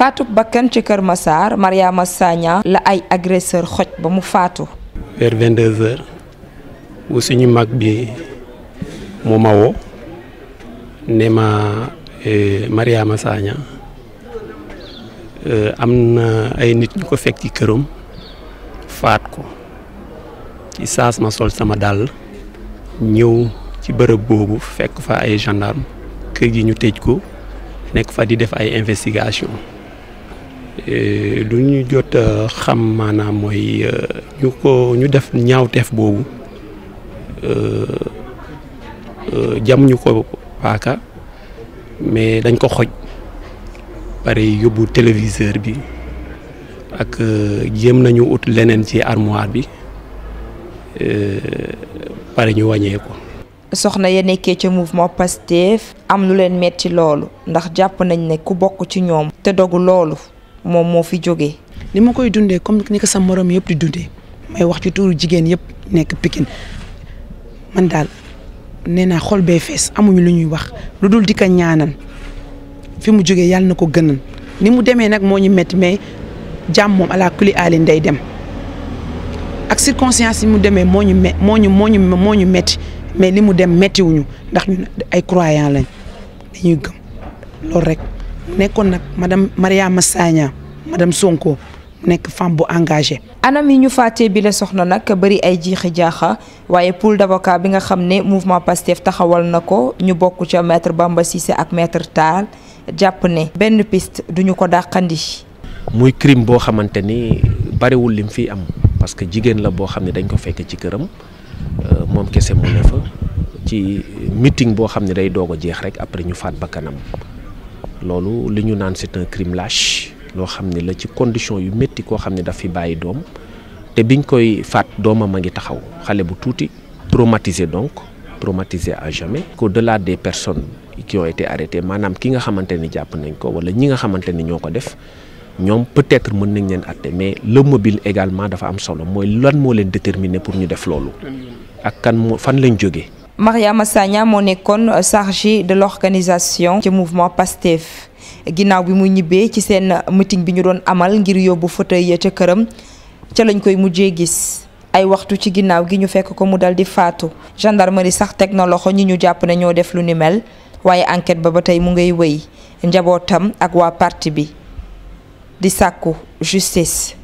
faatu bakkan ci kër Massar Mariama Sagna la ay agresseur xoj ba mu faatu. vers 22h bu suñu mag bi mu ma ne ma eh, Mariama Sagna eh, am na ay nit ñu ko fekk ci këram faat ko ci saas ma sol sama dàll ñëw ci bërëb boobu fekk fa ay gendarme kër gi ñu tëj ko nekk fa di def ay investigation Euh, lu ñu jot a xam maanaam mooy euh, ñu ko ñu def ñaawteef boobu euh, jam ñu ko paaka mais dañ ko xoj pare yóbbu téléviseur bi ak jéem nañu ut leneen ci armoire bi pare ñu wàññee ko soxna ya nekkee ca mouvement Pastef am lu leen metti loolu ndax jàpp nañ ne ku bokk ci ñoom te dogu loolu moom moo fi jógee. ni ma koy dundee comme ni ko sa morom yëpp di dundee may wax ci tuuru jigéen yëpp nekk Pikine man daal nee naa xol bee fees amuñu lu ñuy wax lu dul di ko fi mu jógee yàlla na ko gënal ni mu demee nag moo ñu metti mais jàmm moom ala kuli alin day dem ak circonstance yi mu demee moo ñu me moo ñu ñu moo mais li mu dem méttiwuñu ndax ñun ay croyants lañ dañuy gëm loolu rek. nekon nag madame Maria Masanya, madame Sonko nekk femme bu engagée. anam yi ñu fàttee bi la soxna nag bëri ay jiixi jaaxa waaye pool d'avocat bi nga xam ne mouvement Pastef taxawal na ko ñu bokk ca maître Bamba Cissé ak maître tal jàpp ne benn piste duñu ko muy crime boo xamante ni bariwul lim fi am parce que jigéen la boo xam ne dañ ko fekk ci këram euh, moom ci meeting bo xam ne day doog a jeex rek après ñu faat loolu liñu nane c'est un crime lâche lo xam la ci condition yu metti ko xam da fi baye dom te biñ koy fat doomam ma ngi taxaw xalé bu touti traumatisé donc traumatisé à jamais qu'au-delà des personnes qui ont été arrêtées manam ki nga xamanteni japp nañ ko wala ñi nga xamanteni ñoko def ñom peut-être mën nañ leen atté mais le mobile également dafa am solo moy lan mo leen déterminer pour ñu def lolu ak kan fan lañ jógee Mariama Sagna moo nekkoon euh, chargé de l'organisation du mouvement PASTEF ginnaaw bi mu ñibé ci sen euh, meeting bi ñu doon amal ngir yóbbu fauteuil ci kërëm ci lañ koy mujjé gis ay waxtu ci ginnaaw gi ñu fekk ko mu daldi faatu gendarmerie sax teg na loxo ñi ñu japp ne ñoo def lu ni mel waye enquête ba ba tay mu ngay wëy ak wa parti bi di sàkku justice